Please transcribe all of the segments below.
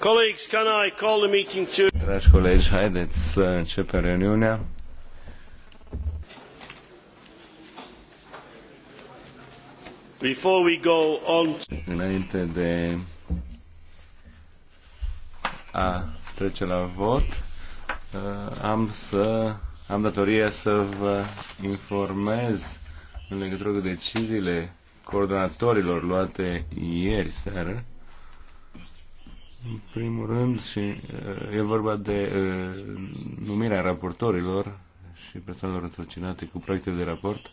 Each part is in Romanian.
Colleagues, can I call the meeting to... Dragi colegi, haideți să începem reuniunea. Before we go on... Înainte de a trece la vot, uh, am să am datoria să vă informez în legătură cu deciziile coordonatorilor luate ieri seară în primul rând, și uh, e vorba de uh, numirea raportorilor și persoanelor însărcinate cu proiecte de raport.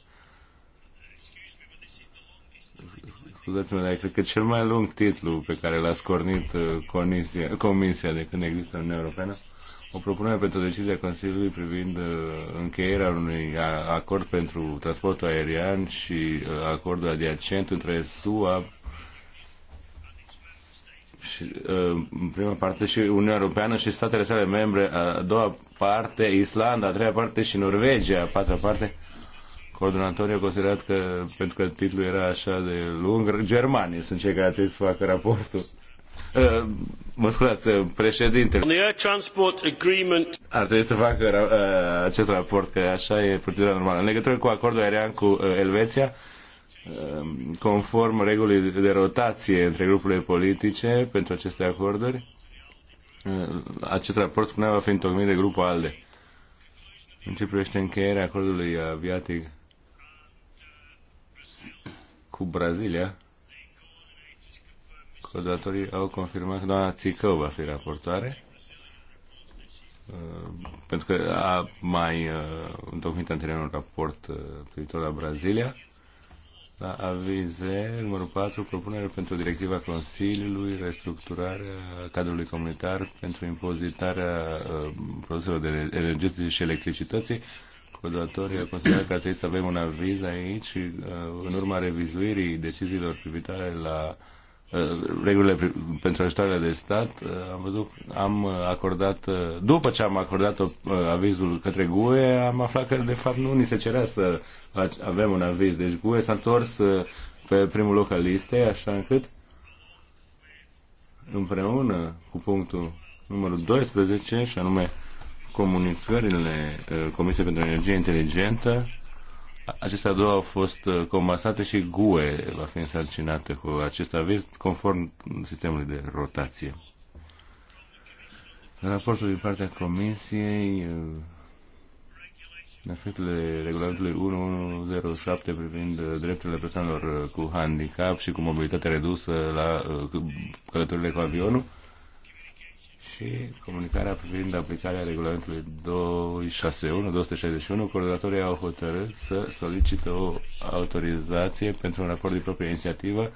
Scuzați-mă, dar cred că cel mai lung titlu pe care l-a scornit uh, comisia, comisia de când există Uniunea Europeană, o propunere pentru decizia Consiliului privind încheierea unui acord pentru transportul aerian și acordul adiacent între SUA și, uh, în prima parte și Uniunea Europeană și statele sale membre, a doua parte Islanda, a treia parte și Norvegia, a patra parte. Coordonatorii au considerat că, pentru că titlul era așa de lung, germanii sunt cei care trebuie să facă raportul. Mă scuzați, președintele. Ar trebui să facă uh, uh, acest raport, că așa e procedura normală. În legătură cu acordul aerian cu Elveția, Um, conform regulii de rotație între grupurile politice pentru aceste acorduri. Uh, acest raport, spunea, va fi întocmit de grupul ALDE. În ce privește încheierea acordului aviatic cu Brazilia, codatorii au confirmat că doamna Țicău va fi raportoare uh, pentru că a mai uh, întocmit anterior un raport privitor la Brazilia la da, avize numărul 4, propunere pentru directiva Consiliului, restructurarea cadrului comunitar pentru impozitarea uh, produselor de energetice și electricității. Codatorii considerat că trebuie să avem un aviz aici uh, în urma revizuirii deciziilor privitoare la uh, Uh, regulile pentru ajutoarele de stat, uh, am văzut, am acordat, uh, după ce am acordat avizul către GUE, am aflat că de fapt nu ni se cerea să avem un aviz. Deci GUE s-a întors pe primul loc al listei, așa încât împreună cu punctul numărul 12, și anume comunicările Comisiei pentru Energie Inteligentă, Acestea două au fost uh, comasate și GUE va fi însărcinată cu acest aviz conform sistemului de rotație. Raportul din partea Comisiei în uh, efectele regulamentului 1107 privind uh, drepturile persoanelor cu handicap și cu mobilitate redusă la călătorile cu avionul și comunicarea privind aplicarea regulamentului 261-261, coordonatorii au hotărât să solicită o autorizație pentru un raport de proprie inițiativă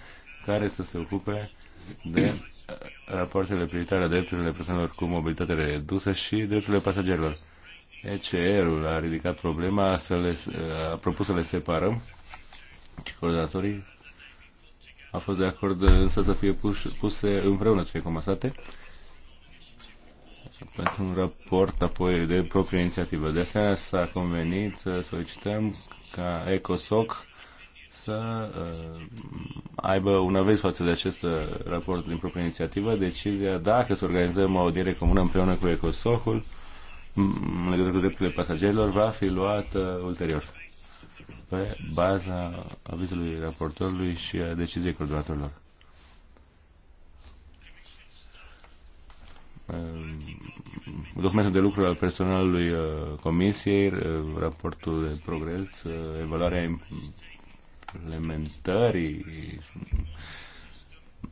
care să se ocupe de rapoartele privitare a drepturile persoanelor cu mobilitate redusă și drepturile pasagerilor. ECR-ul a ridicat problema, să le, a propus să le separăm și coordonatorii a fost de acord însă să fie pus, puse împreună cele comasate pentru un raport apoi de proprie inițiativă. De asemenea, s-a convenit să solicităm ca ECOSOC să uh, aibă un aviz față de acest uh, raport din proprie inițiativă, decizia dacă să organizăm o audiere comună împreună cu ECOSOC-ul mm, în legătură cu drepturile pasagerilor va fi luată ulterior pe baza avizului raportorului și a deciziei coordonatorilor. documentul de lucru al personalului uh, Comisiei, uh, raportul de progres, uh, evaluarea implementării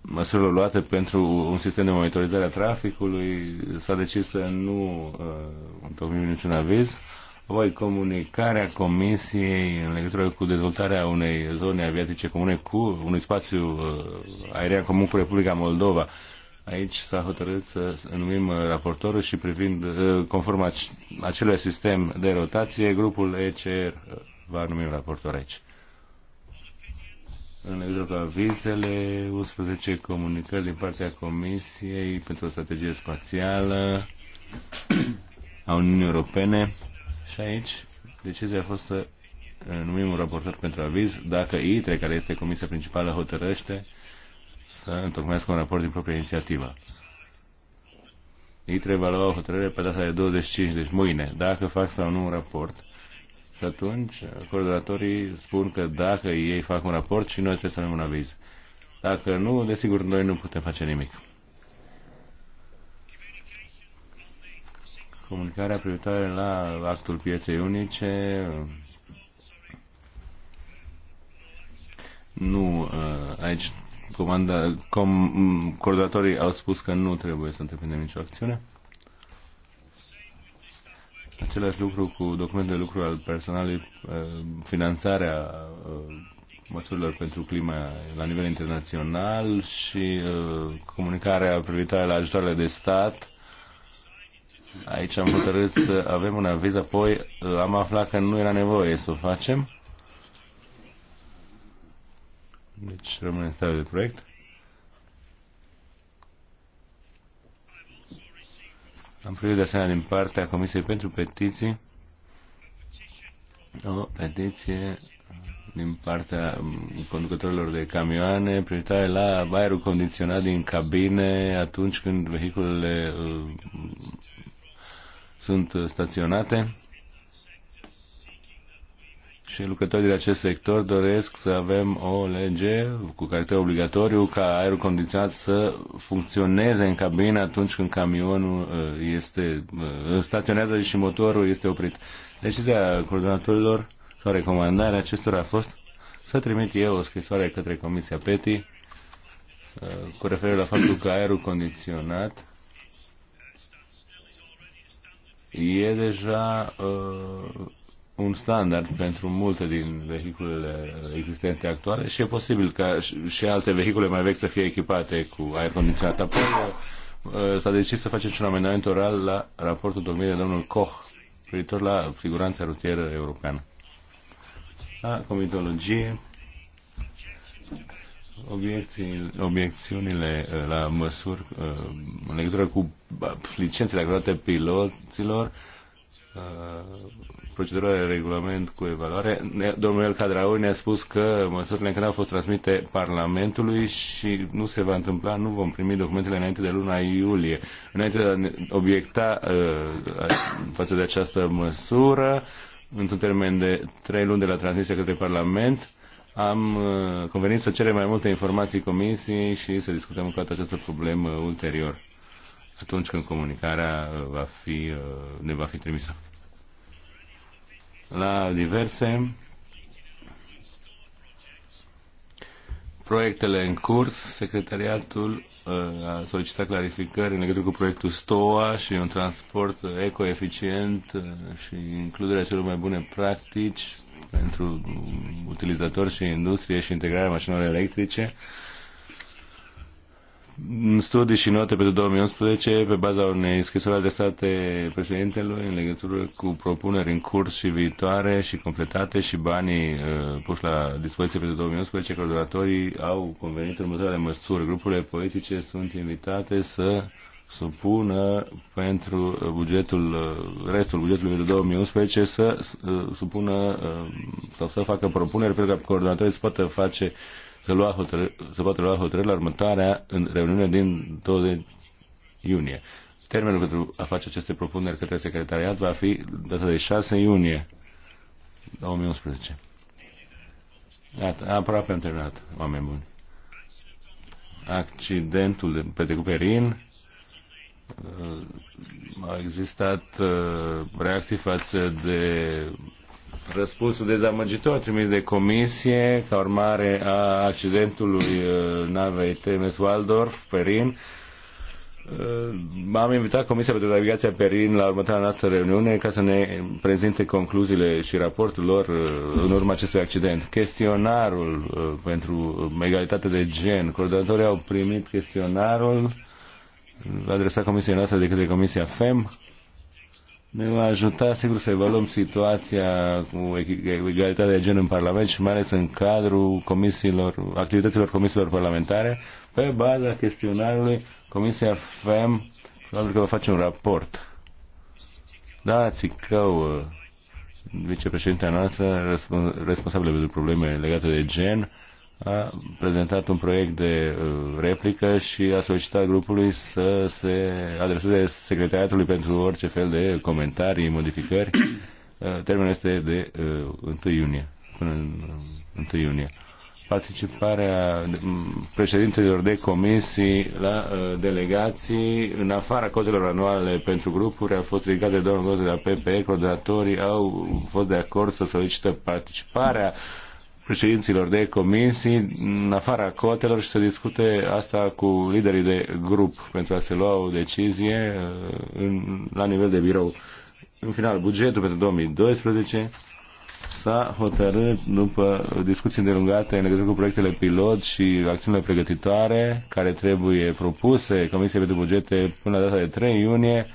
măsurilor luate pentru un sistem de monitorizare a traficului. S-a decis să nu uh, întocmim niciun aviz. voi comunicarea Comisiei în legătură cu dezvoltarea unei zone aviatice comune cu unui spațiu uh, aerian comun cu Republica Moldova. Uh, Aici s-a hotărât să numim uh, raportorul și privind, uh, conform acelui sistem de rotație, grupul ECR uh, va numi un raportor aici. În legătură cu avizele, 11 comunicări din partea Comisiei pentru o strategie spațială a Uniunii Europene și aici decizia a fost să numim un raportor pentru aviz dacă ITRE, care este comisia principală, hotărăște să întocmească un raport din proprie inițiativă. Ei trebuie lua o hotărâre pe data de 25, deci mâine, dacă fac sau nu un raport. Și atunci, coordonatorii spun că dacă ei fac un raport și noi trebuie să avem un aviz. Dacă nu, desigur, noi nu putem face nimic. Comunicarea privitoare la actul pieței unice nu, uh, aici comanda, com, coordonatorii au spus că nu trebuie să întreprindem nicio acțiune. Același lucru cu documentul de lucru al personalului, uh, finanțarea uh, măsurilor pentru clima la nivel internațional și uh, comunicarea privitoare la ajutoarele de stat. Aici am hotărât să avem un aviz, apoi am aflat că nu era nevoie să o facem deci rămâne în de proiect. Am primit de asemenea din partea Comisiei pentru Petiții o petiție din partea conducătorilor de camioane privitoare la aerul condiționat din cabine atunci când vehiculele uh, sunt staționate și lucrătorii din acest sector doresc să avem o lege cu caracter obligatoriu ca aerul condiționat să funcționeze în cabină atunci când camionul uh, este uh, staționează și motorul este oprit. Decizia coordonatorilor sau recomandarea acestora a fost să trimit eu o scrisoare către Comisia PETI uh, cu referire la faptul că aerul condiționat e deja uh, un standard pentru multe din vehiculele existente actuale și e posibil ca și alte vehicule mai vechi să fie echipate cu aer condiționat. Apoi uh, uh, s-a decis să facem și un amendament oral la raportul domnului de domnul Koch privitor la siguranța rutieră europeană. La comitologie, obiecțiunile uh, la măsuri în legătură cu licențele acordate piloților, Uh, procedura de regulament cu evaluare. Domnul El Cadraui ne-a spus că măsurile încă n-au fost transmite Parlamentului și nu se va întâmpla, nu vom primi documentele înainte de luna iulie. Înainte de a obiecta uh, față de această măsură, într-un termen de trei luni de la tranziția către Parlament, am uh, convenit să cerem mai multe informații Comisiei și să discutăm cu această problemă ulterior atunci când comunicarea uh, va fi, uh, ne va fi trimisă. La diverse proiectele în curs, secretariatul uh, a solicitat clarificări în legătură cu proiectul STOA și un transport ecoeficient și includerea celor mai bune practici pentru utilizatori și industrie și integrarea mașinilor electrice studii și note pentru 2011 pe baza unei scrisori adresate președintelui în legătură cu propuneri în curs și viitoare și completate și banii uh, puși la dispoziție pentru 2011. Coordonatorii au convenit următoarele măsuri. Grupurile politice sunt invitate să supună pentru bugetul, uh, restul bugetului pentru 2011 să uh, supună uh, sau să facă propuneri pentru că coordonatorii să poată face uh, să, lua hotărâ, să poată lua hotărâri la următoarea în reuniune din 20 iunie. Termenul pentru a face aceste propuneri către secretariat va fi data de 6 iunie 2011. Gata, aproape am terminat, oameni buni. Accidentul de pe decuperin uh, a existat uh, reacții față de răspunsul dezamăgitor trimis de comisie ca urmare a accidentului uh, navei TMS Waldorf, Perin. M-am uh, invitat Comisia pentru Navigația Perin la următoarea noastră reuniune ca să ne prezinte concluziile și raportul lor uh, în urma acestui accident. Chestionarul pentru egalitate de gen. Coordonatorii au primit chestionarul adresat Comisiei noastre de către Comisia FEM ne va ajuta, sigur, să evaluăm situația cu egalitatea de gen în Parlament și mai ales în cadrul comisiilor, activităților comisiilor parlamentare. Pe baza chestionarului, Comisia FEM probabil că va face un raport. Da, că vicepreședintea noastră, responsabilă pentru probleme legate de gen, a prezentat un proiect de uh, replică și a solicitat grupului să se adreseze secretariatului pentru orice fel de comentarii, modificări. Uh, termenul este de 1 uh, iunie, până în 1 iunie. Participarea um, președintelor de comisii la delegații în afara cotelor anuale pentru grupuri a fost ridicată de domnul de la PPE. Coordonatorii au fost de acord să solicită participarea președinților de comisii în afara cotelor și să discute asta cu liderii de grup pentru a se lua o decizie uh, în, la nivel de birou. În final, bugetul pentru 2012 s-a hotărât după discuții îndelungate în legătură cu proiectele pilot și acțiunile pregătitoare care trebuie propuse Comisiei pentru Bugete până la data de 3 iunie.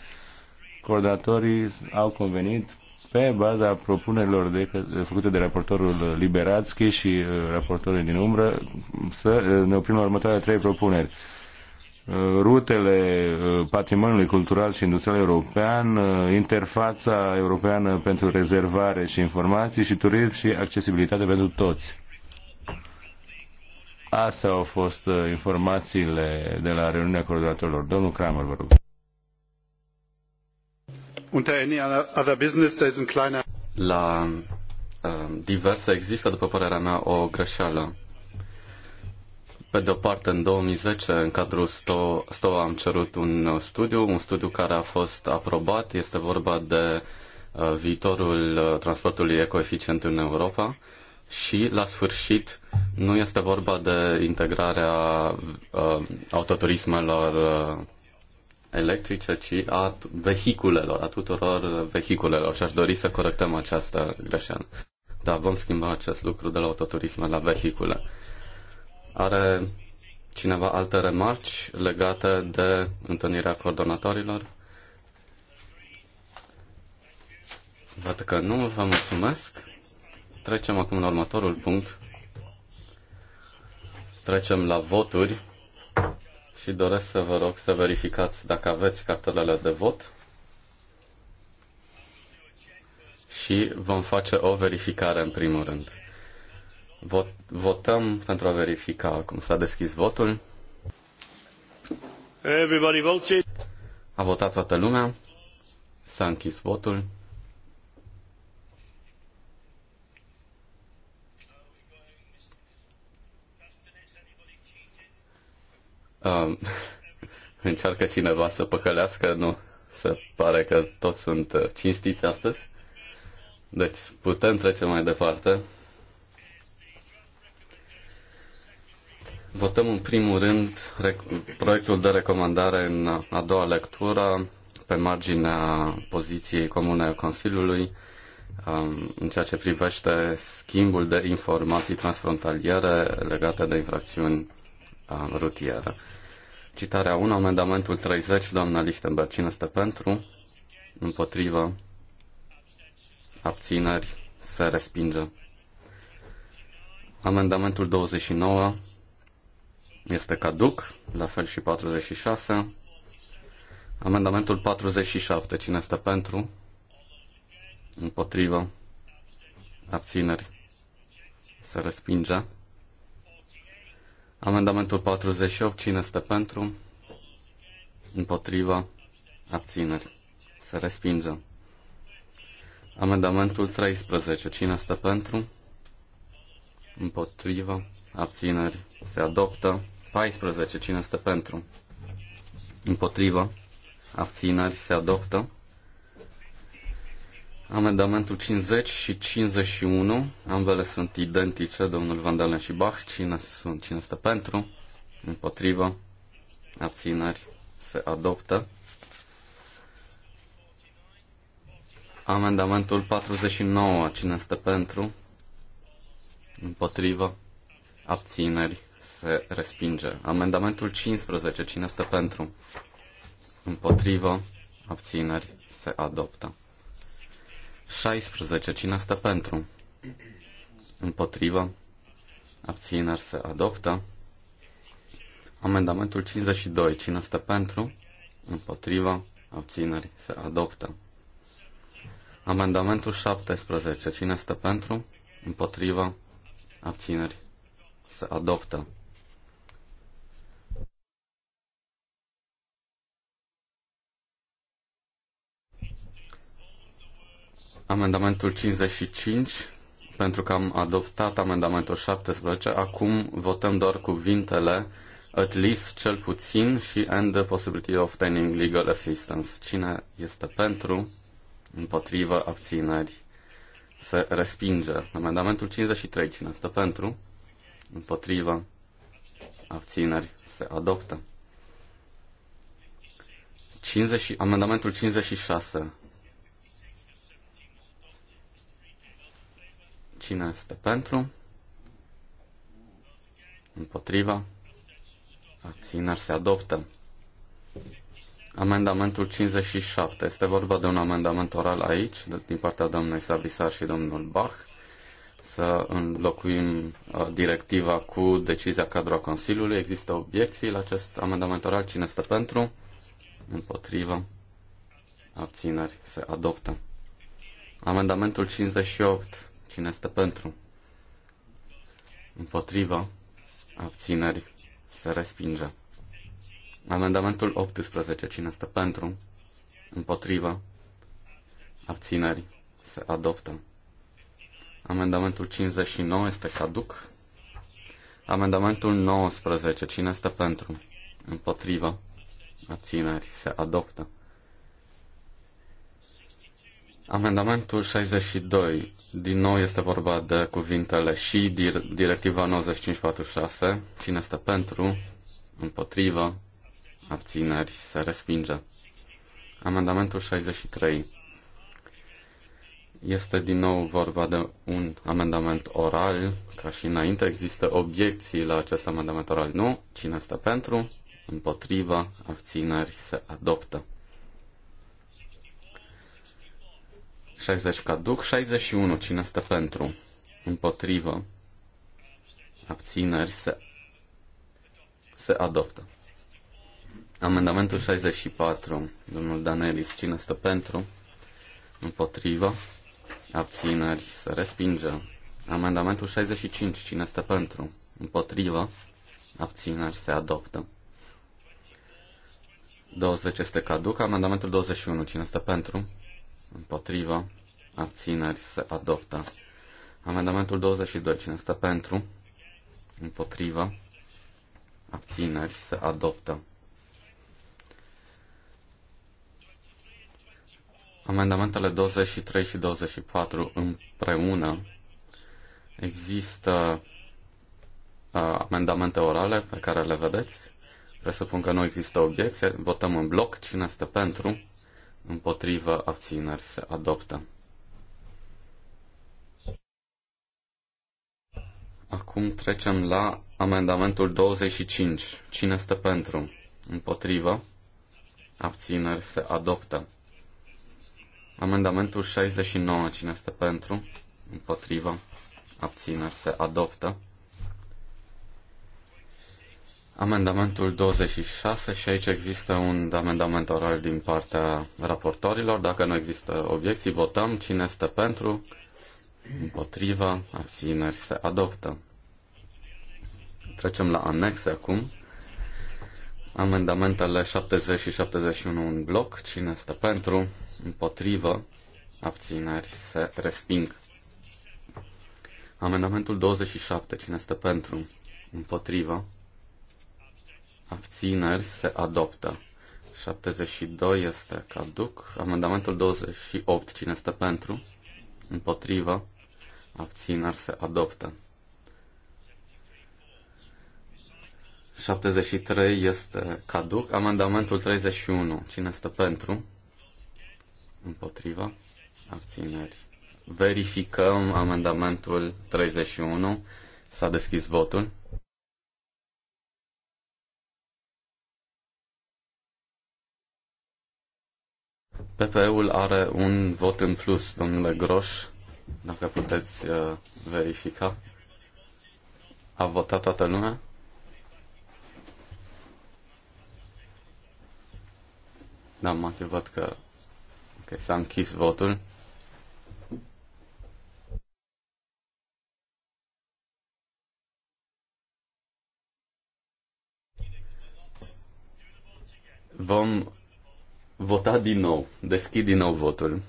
Coordonatorii au convenit pe baza propunerilor de, făcute de raportorul Liberatski și uh, raportorii din umbră să uh, ne oprim la următoarele trei propuneri uh, rutele patrimoniului cultural și industrial european, interfața europeană pentru rezervare și informații și turism și accesibilitate pentru toți. Astea au fost informațiile de la reuniunea coordonatorilor. Domnul Kramer, vă rog. La ehm, diverse există, după părerea mea, o greșeală. Pe de-o parte, în 2010, în cadrul STO, STO am cerut un uh, studiu, un studiu care a fost aprobat. Este vorba de uh, viitorul uh, transportului ecoeficient în Europa și, la sfârșit, nu este vorba de integrarea uh, autoturismelor electrice, ci a vehiculelor, a tuturor vehiculelor și aș dori să corectăm această greșeală. Dar vom schimba acest lucru de la autoturisme la vehicule. Are cineva alte remarci legate de întâlnirea coordonatorilor? Văd că nu, vă mulțumesc. Trecem acum la următorul punct. Trecem la voturi și doresc să vă rog să verificați dacă aveți cartelele de vot și vom face o verificare în primul rând. Vot, votăm pentru a verifica cum s-a deschis votul. Everybody voted. A votat toată lumea. S-a închis votul. Um, încearcă cineva să păcălească, nu? Se pare că toți sunt uh, cinstiți astăzi. Deci putem trece mai departe. Votăm în primul rând proiectul de recomandare în a doua lectură pe marginea poziției comune a Consiliului um, în ceea ce privește schimbul de informații transfrontaliere legate de infracțiuni rutieră. Citarea 1, amendamentul 30, doamna Lichtenberg, cine este pentru? Împotrivă? Abțineri? Se respinge. Amendamentul 29 este caduc, la fel și 46. Amendamentul 47, cine este pentru? Împotrivă? Abțineri? Se respinge. Amendamentul 48. Cine este pentru? Împotriva. Abțineri. Se respinge. Amendamentul 13. Cine este pentru? Împotriva. Abțineri. Se adoptă. 14. Cine este pentru? Împotriva. Abțineri. Se adoptă. Amendamentul 50 și 51, ambele sunt identice, domnul Vandalen și Bach. Cine, sunt, cine este pentru? Împotrivă? Abțineri? Se adoptă. Amendamentul 49, cine este pentru? Împotrivă? Abțineri? Se respinge. Amendamentul 15, cine este pentru? Împotrivă? Abțineri? Se adoptă. 16. Cine stă pentru? Împotrivă. Abțineri se adoptă. Amendamentul 52. Cine stă pentru? Împotrivă. Abțineri se adoptă. Amendamentul 17. Cine stă pentru? Împotrivă. Abțineri se adoptă. Amendamentul 55, pentru că am adoptat amendamentul 17, acum votăm doar cuvintele at least cel puțin și and the possibility of obtaining legal assistance. Cine este pentru, împotrivă, abțineri, se respinge. Amendamentul 53, cine este pentru, împotrivă, abțineri, se adoptă. 50, amendamentul 56, Cine este pentru? Împotriva? Abțineri se adoptă. Amendamentul 57. Este vorba de un amendament oral aici, din partea doamnei Sabisar și domnul Bach, să înlocuim uh, directiva cu decizia cadru Consiliului. Există obiecții la acest amendament oral? Cine este pentru? Împotrivă? Abțineri se adoptă. Amendamentul 58 Cine este pentru? Împotriva. Abțineri. Se respinge. Amendamentul 18. Cine este pentru? Împotriva. Abțineri. Se adoptă. Amendamentul 59 este caduc. Amendamentul 19. Cine este pentru? Împotriva. Abțineri. Se adoptă. Amendamentul 62. Din nou este vorba de cuvintele și directiva 9546. Cine este pentru, împotrivă, abțineri, se respinge. Amendamentul 63. Este din nou vorba de un amendament oral. Ca și înainte, există obiecții la acest amendament oral. Nu. Cine este pentru, împotrivă, abțineri, se adoptă. 60 caduc, 61 cine este pentru, împotrivă, abțineri se, se adoptă. Amendamentul 64, domnul Danelis, cine este pentru, împotrivă, abțineri se respinge. Amendamentul 65, cine este pentru, împotrivă, abțineri se adoptă. 20 este caduc, amendamentul 21, cine este pentru, Împotrivă abțineri se adoptă. Amendamentul 22, cine stă pentru, împotriva, abțineri se adoptă. Amendamentele 23 și 24 împreună există uh, amendamente orale pe care le vedeți. Presupun că nu există obiecție. Votăm în bloc. Cine este pentru? Împotrivă abțineri se adoptă. Acum trecem la amendamentul 25. Cine este pentru? Împotrivă? Abțineri se adoptă. Amendamentul 69. Cine este pentru? Împotrivă? Abțineri se adoptă. Amendamentul 26 și aici există un amendament oral din partea raportorilor. Dacă nu există obiecții, votăm cine este pentru, împotriva, abțineri se adoptă. Trecem la anexe acum. Amendamentele 70 și 71 în bloc. Cine este pentru? Împotrivă. Abțineri se resping. Amendamentul 27. Cine este pentru? Împotrivă. Abțineri se adoptă. 72 este caduc. Amendamentul 28. Cine este pentru? Împotrivă abțineri se adoptă. 73 este caduc. Amendamentul 31. Cine este pentru? Împotriva. Abțineri. Verificăm amendamentul 31. S-a deschis votul. PPE-ul are un vot în plus, domnule Groș. Dacă puteți uh, verifica. A votat toată lumea? Da, mă văd că okay, s-a închis votul. Vom vota din nou. Deschid din nou votul.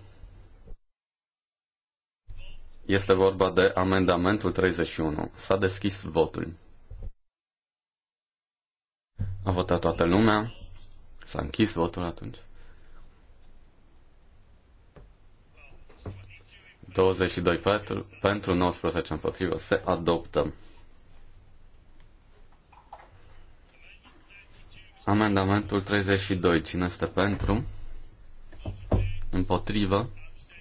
Este vorba de amendamentul 31. S-a deschis votul. A votat toată lumea. S-a închis votul atunci. 22 pentru, pentru 19 împotrivă. Se adoptă. Amendamentul 32. Cine este pentru? Împotrivă?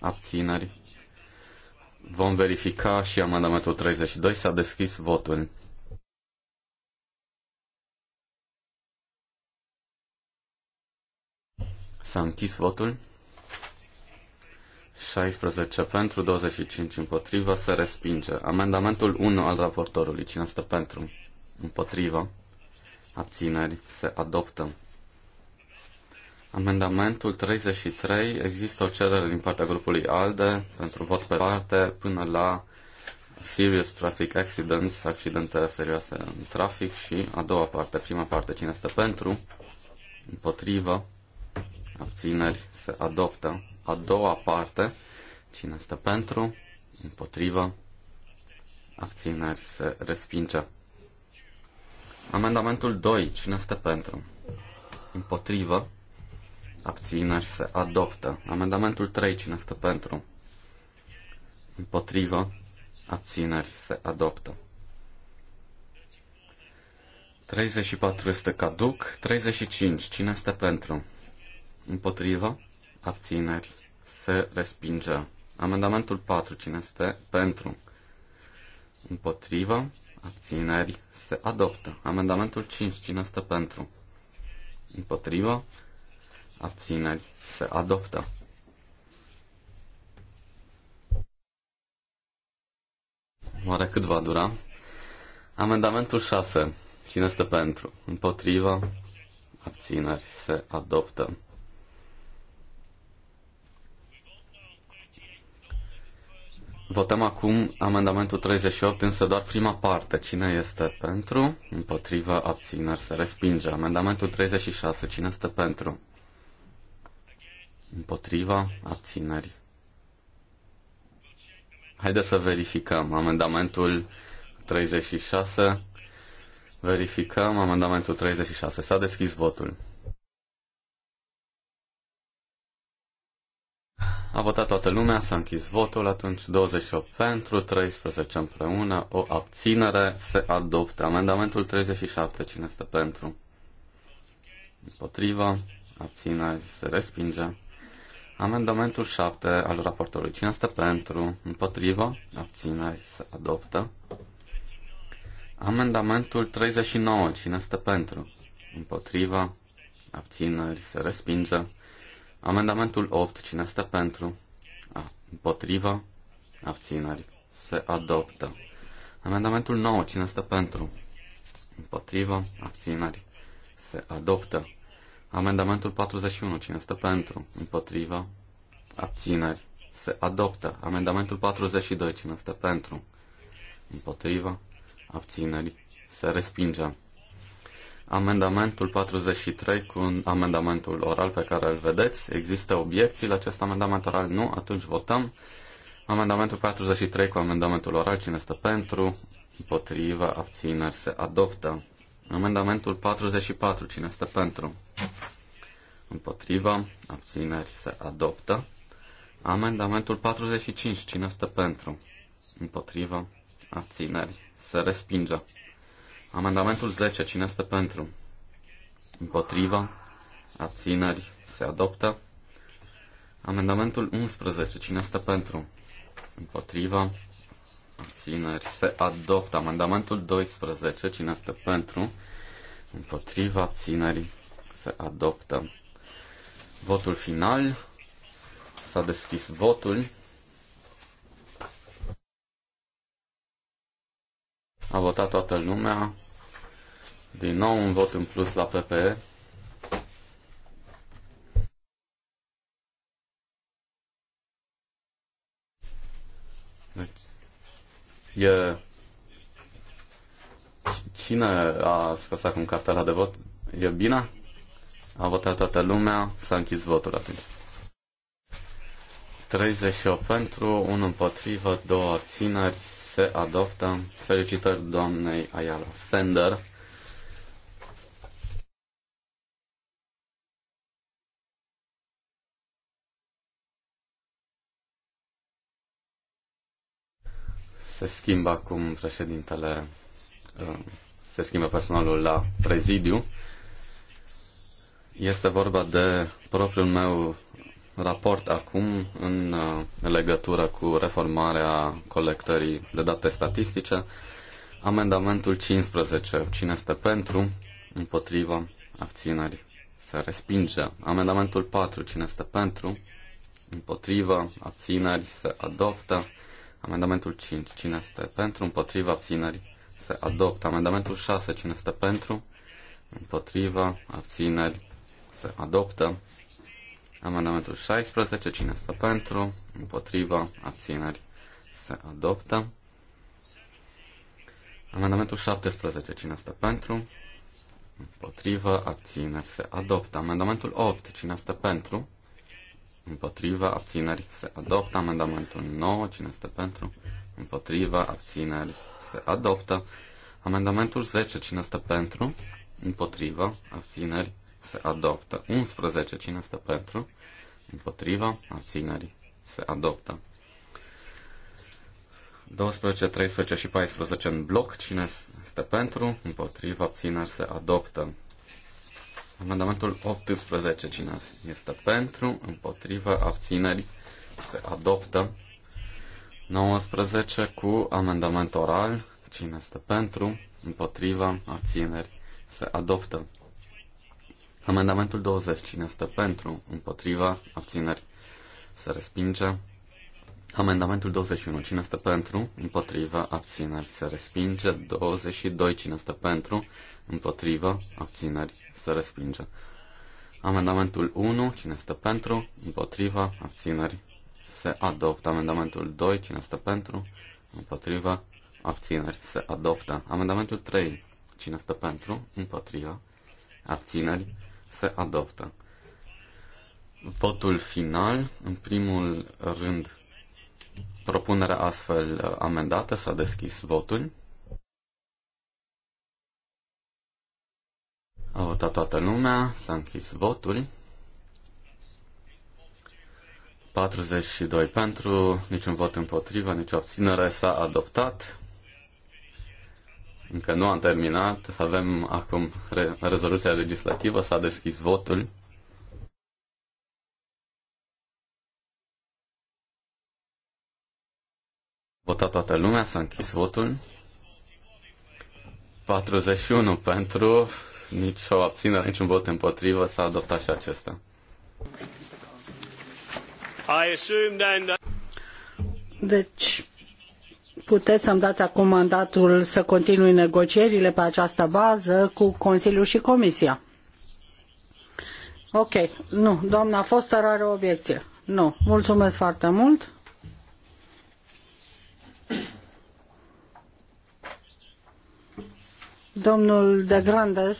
Abțineri? Vom verifica și amendamentul 32. S-a deschis votul. S-a închis votul. 16 pentru, 25 împotriva, se respinge. Amendamentul 1 al raportorului. Cine stă pentru? Împotriva. Abțineri. Se adoptă. Amendamentul 33 există o cerere din partea grupului ALDE pentru vot pe parte până la Serious Traffic Accidents, accidente serioase în trafic și a doua parte, prima parte, cine este pentru, împotrivă, abțineri, se adoptă. A doua parte, cine este pentru, împotrivă, abțineri, se respinge. Amendamentul 2, cine este pentru, împotrivă, abțineri se adoptă. Amendamentul 3, cine stă pentru? Împotrivă, abțineri se adoptă. 34 este caduc, 35, cine stă pentru? Împotrivă, abțineri se respinge. Amendamentul 4, cine stă pentru? Împotrivă, abțineri se adoptă. Amendamentul 5, cine stă pentru? Împotrivă, abțineri, se adoptă. Oare cât va dura? Amendamentul 6. Cine este pentru? Împotriva? Abțineri se adoptă. Votăm acum amendamentul 38, însă doar prima parte. Cine este pentru? Împotriva? Abțineri se respinge. Amendamentul 36. Cine este pentru? Împotriva? Abțineri? Haideți să verificăm. Amendamentul 36. Verificăm amendamentul 36. S-a deschis votul. A votat toată lumea, s-a închis votul, atunci 28 pentru, 13 împreună, o abținere, se adoptă. Amendamentul 37, cine este pentru? Împotriva, abținere, se respinge. Amendamentul 7 al raportului Cine pentru? Împotrivă? Abțineri? Se adoptă. Amendamentul 39. Cine stă pentru? Împotrivă, Abțineri? Se respinge. Amendamentul 8. Cine stă pentru? A, împotrivă, Abțineri? Se adoptă. Amendamentul 9. Cine stă pentru? Împotrivă, Abțineri? Se adoptă. Amendamentul 41. Cine stă pentru? Împotriva? Abțineri? Se adoptă. Amendamentul 42. Cine stă pentru? Împotriva? Abțineri? Se respinge. Amendamentul 43 cu amendamentul oral pe care îl vedeți. Există obiecții la acest amendament oral? Nu. Atunci votăm. Amendamentul 43 cu amendamentul oral. Cine stă pentru? Împotriva? Abțineri? Se adoptă. Amendamentul 44. Cine este pentru? Împotriva. Abțineri se adoptă. Amendamentul 45. Cine este pentru? Împotriva. Abțineri se respinge. Amendamentul 10. Cine este pentru? Împotriva. Abțineri se adoptă. Amendamentul 11. Cine este pentru? Împotriva abțineri, se adoptă. Amendamentul 12, cine este pentru, împotriva abținerii, se adoptă. Votul final, s-a deschis votul. A votat toată lumea. Din nou un vot în plus la PPE. Deci, e... cine a scos acum cartela de vot. E bine? A votat toată lumea, s-a închis votul atunci. 38 pentru, 1 împotrivă, 2 abțineri, se adoptă. Felicitări doamnei Ayala Sender. Se schimbă acum președintele, uh, se schimbă personalul la prezidiu. Este vorba de propriul meu raport acum în uh, legătură cu reformarea colectării de date statistice. Amendamentul 15. Cine este pentru? Împotrivă? Abțineri? Se respinge. Amendamentul 4. Cine este pentru? Împotrivă? Abțineri? Se adoptă. Amendamentul 5. Cine este pentru? Împotriva abțineri se adoptă. Amendamentul 6. Cine este pentru? Împotriva abțineri se adoptă. Amendamentul 16. Cine este pentru? Împotriva abțineri se adoptă. Amendamentul 17. Cine este pentru? Împotriva abțineri se adoptă. Amendamentul 8. Cine este pentru? împotriva, abțineri, se adoptă. Amendamentul 9, cine este pentru, împotriva, abțineri, se adoptă. Amendamentul 10, cine este pentru, împotriva, abțineri, se adoptă. 11, cine este pentru, împotriva, abțineri, se adoptă. 12, 13 și 14 în bloc. Cine este pentru? Împotriva abțineri se adoptă. Amendamentul 18. Cine este pentru? Împotriva abțineri se adoptă. 19 cu amendament oral. Cine este pentru? Împotriva abțineri se adoptă. Amendamentul 20. Cine este pentru? Împotriva abțineri se respinge. Amendamentul 21. Cine stă pentru? Împotriva. Abțineri. Se respinge. 22. Cine stă pentru? Împotriva. Abțineri. Se respinge. Amendamentul 1. Cine stă pentru? Împotriva. Abțineri. Se adoptă. Amendamentul 2. Cine stă pentru? Împotriva. Abțineri. Se adoptă. Amendamentul 3. Cine stă pentru? Împotriva. Abțineri. Se adoptă. Votul final, în primul rând, Propunerea astfel uh, amendată s-a deschis votul. A votat toată lumea, s-a închis votul. 42 pentru, niciun vot împotriva, nicio abținere s-a adoptat. Încă nu am terminat, avem acum re- rezoluția legislativă, s-a deschis votul. votat toată lumea, s-a închis votul. 41 pentru, Nici o abținere, niciun vot împotrivă, s-a adoptat și acesta. Deci, puteți să-mi dați acum mandatul să continui negocierile pe această bază cu Consiliul și Comisia. Ok, nu, doamna Foster are o obiecție. Nu, mulțumesc foarte mult. Domnul de Grandes,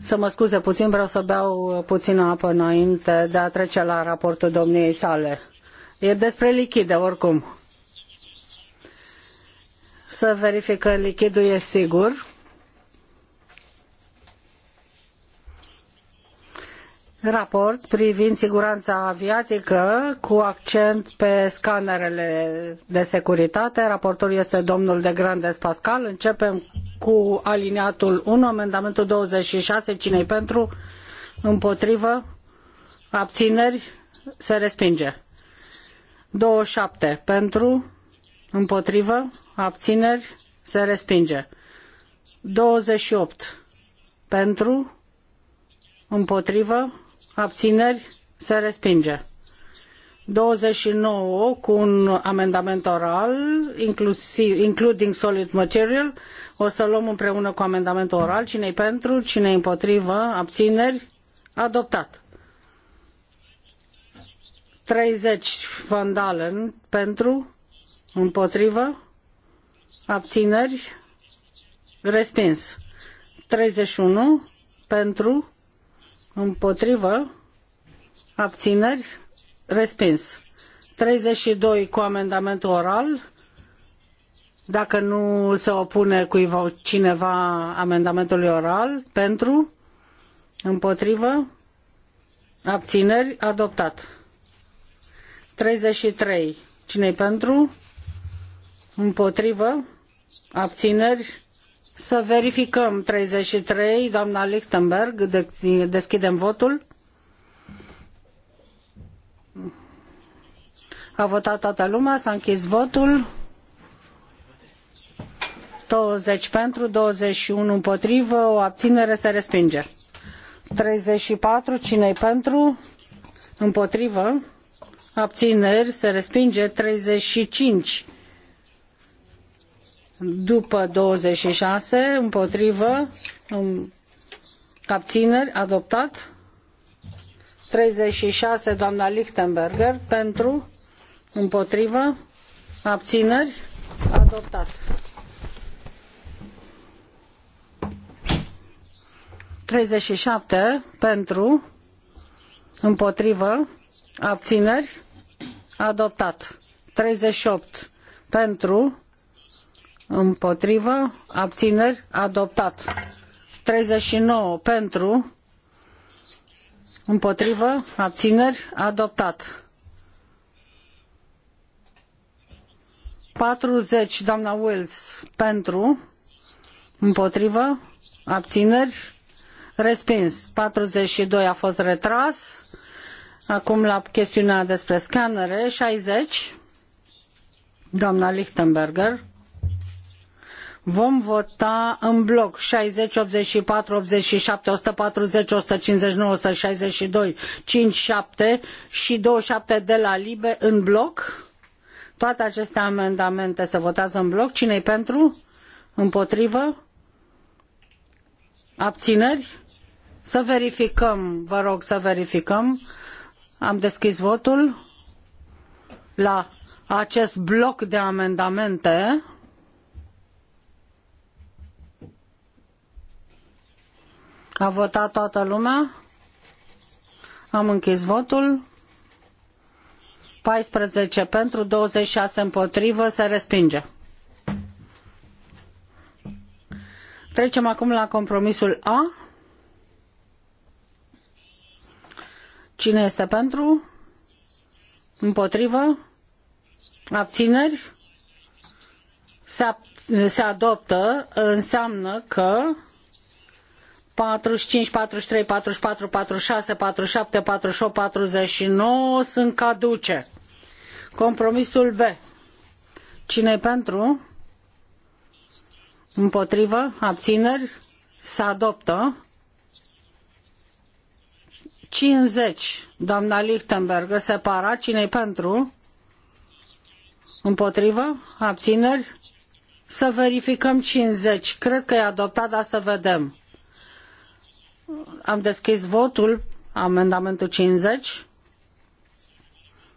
să mă scuze puțin, vreau să beau puțin apă înainte de a trece la raportul domniei sale. E despre lichide, oricum. Să verificăm lichidul e sigur. raport privind siguranța aviatică cu accent pe scanerele de securitate. Raportul este domnul de Grandes Pascal. Începem cu aliniatul 1, amendamentul 26. cine pentru? Împotrivă? Abțineri? Se respinge. 27. Pentru? Împotrivă? Abțineri? Se respinge. 28. Pentru? Împotrivă? abțineri, se respinge. 29 cu un amendament oral, inclusiv, including solid material. O să luăm împreună cu amendamentul oral. Cine-i pentru, cine împotrivă, abțineri, adoptat. 30 Van Dalen pentru, împotrivă, abțineri, respins. 31 pentru, Împotrivă? Abțineri? Respins. 32 cu amendament oral. Dacă nu se opune cuiva, cineva amendamentului oral, pentru? Împotrivă? Abțineri? Adoptat. 33. Cine-i pentru? Împotrivă? Abțineri? Să verificăm 33, doamna Lichtenberg, deschidem votul. A votat toată lumea, s-a închis votul. 20 pentru, 21 împotrivă, o abținere se respinge. 34, cine pentru? Împotrivă. Abțineri se respinge. 35 după 26, împotrivă, um, abțineri, adoptat. 36, doamna Lichtenberger, pentru, împotrivă, abțineri, adoptat. 37 pentru, împotrivă, abțineri, adoptat. 38 pentru, împotrivă, abțineri, adoptat. 39 pentru, împotrivă, abțineri, adoptat. 40, doamna Wells pentru, împotrivă, abțineri, respins. 42 a fost retras. Acum la chestiunea despre scanere, 60, doamna Lichtenberger, Vom vota în bloc 60, 84, 87, 140, 159, 162, 57 și 27 de la Libe în bloc. Toate aceste amendamente se votează în bloc. Cine-i pentru? Împotrivă? Abțineri? Să verificăm, vă rog să verificăm. Am deschis votul la acest bloc de amendamente. A votat toată lumea? Am închis votul. 14 pentru, 26 împotrivă, se respinge. Trecem acum la compromisul A. Cine este pentru? Împotrivă? Abțineri? Se, se adoptă, înseamnă că 45, 43, 44, 46, 47, 48, 49 sunt caduce. Compromisul B. Cine pentru? Împotrivă? Abțineri? Se adoptă. 50. Doamna Lichtenberger, separat. cine pentru? Împotrivă? Abțineri? Să verificăm 50. Cred că e adoptat, dar să vedem. Am deschis votul, amendamentul 50.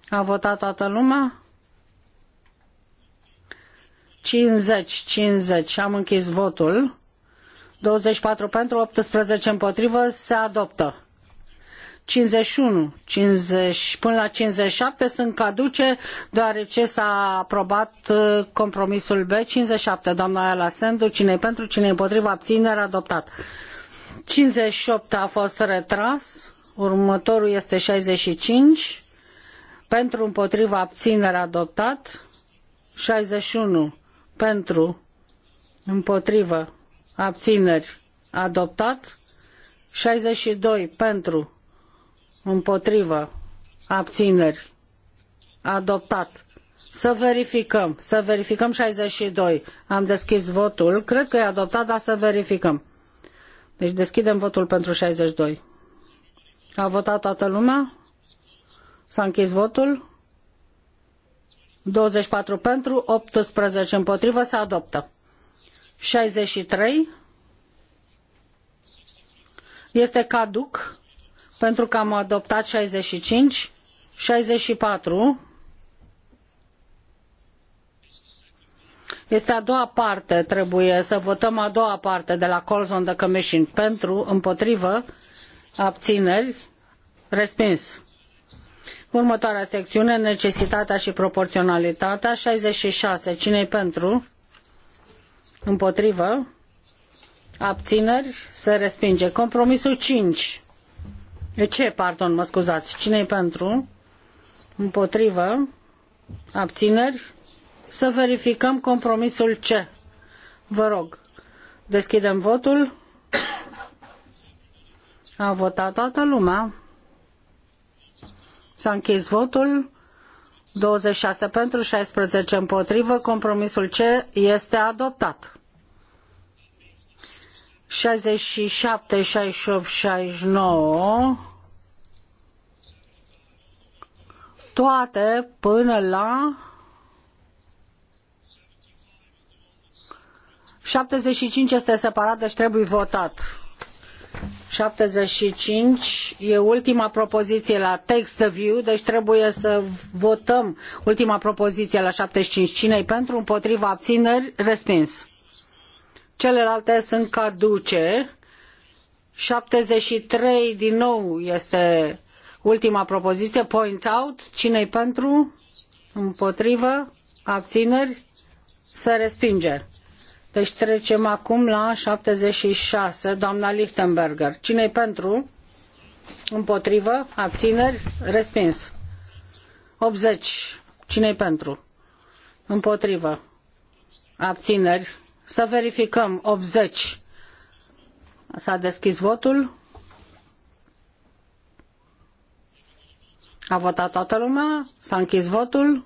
A votat toată lumea? 50, 50. Am închis votul. 24 pentru, 18 împotrivă, se adoptă. 51, 50, până la 57 sunt caduce, deoarece s-a aprobat uh, compromisul B. 57, doamna Ayala Sendu, cine pentru, cine împotrivă, abținere, adoptat. 58 a fost retras, următorul este 65, pentru împotriva abținere adoptat, 61 pentru împotrivă abțineri adoptat, 62 pentru împotrivă abțineri adoptat. Să verificăm, să verificăm 62. Am deschis votul, cred că e adoptat, dar să verificăm. Deci deschidem votul pentru 62. A votat toată lumea? S-a închis votul? 24 pentru, 18 împotrivă, se adoptă. 63 este caduc pentru că am adoptat 65, 64 Este a doua parte, trebuie să votăm a doua parte de la Calls on the Commission pentru, împotrivă, abțineri, respins. Următoarea secțiune, necesitatea și proporționalitatea, 66. cine pentru? Împotrivă? Abțineri? Se respinge. Compromisul 5. Ce, pardon, mă scuzați. cine pentru? Împotrivă? Abțineri? Să verificăm compromisul C. Vă rog, deschidem votul. A votat toată lumea. S-a închis votul. 26 pentru, 16 împotrivă. Compromisul C este adoptat. 67, 68, 69 toate până la 75 este separat, deci trebuie votat. 75 e ultima propoziție la text de view, deci trebuie să votăm ultima propoziție la 75. Cine-i pentru, împotriva, abțineri, respins. Celelalte sunt caduce. 73 din nou este ultima propoziție, point out. Cine-i pentru, împotrivă, abțineri, se respinge. Deci trecem acum la 76, doamna Lichtenberger. Cine-i pentru? Împotrivă? Abțineri? Respins. 80. Cine-i pentru? Împotrivă. Abțineri. Să verificăm. 80. S-a deschis votul. A votat toată lumea? S-a închis votul?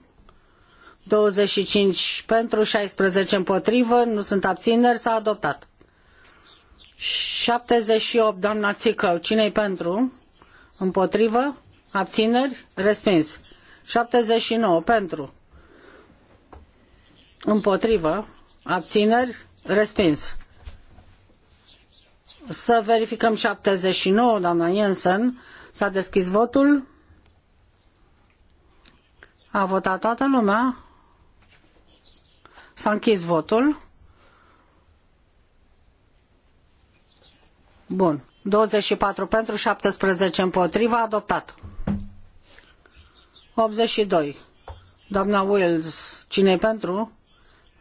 25 pentru, 16 împotrivă, nu sunt abțineri, s-a adoptat. 78, doamna Țicău, cine pentru? Împotrivă? Abțineri? Respins. 79, pentru. Împotrivă? Abțineri? Respins. Să verificăm 79, doamna Jensen. S-a deschis votul. A votat toată lumea s închis votul. Bun. 24 pentru, 17 împotriva, adoptat. 82. Doamna Wills, cine pentru?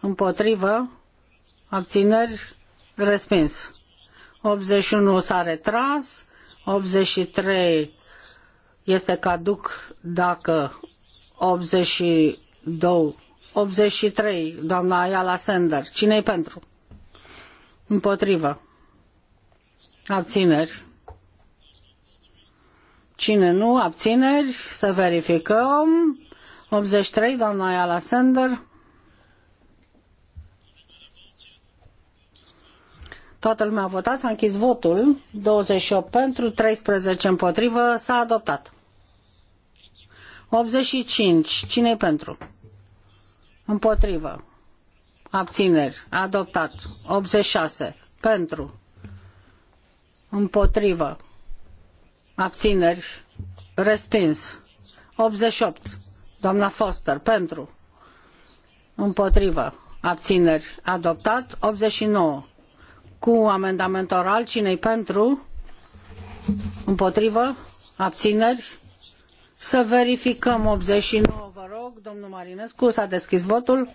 Împotrivă? Abțineri? Respins. 81 s-a retras. 83 este caduc dacă 82 83, doamna Ayala Sender. cine e pentru? Împotrivă. Abțineri. Cine nu? Abțineri. Să verificăm. 83, doamna Ayala Sender. Toată lumea a votat, s-a închis votul. 28 pentru, 13 împotrivă, s-a adoptat. 85. cine e pentru? Împotrivă. Abțineri. Adoptat. 86. Pentru. Împotrivă. Abțineri. Respins. 88. Doamna Foster. Pentru. Împotrivă. Abțineri. Adoptat. 89. Cu amendament oral. Cine-i pentru? Împotrivă. Abțineri. Să verificăm 89 domnul Marinescu, s-a deschis votul.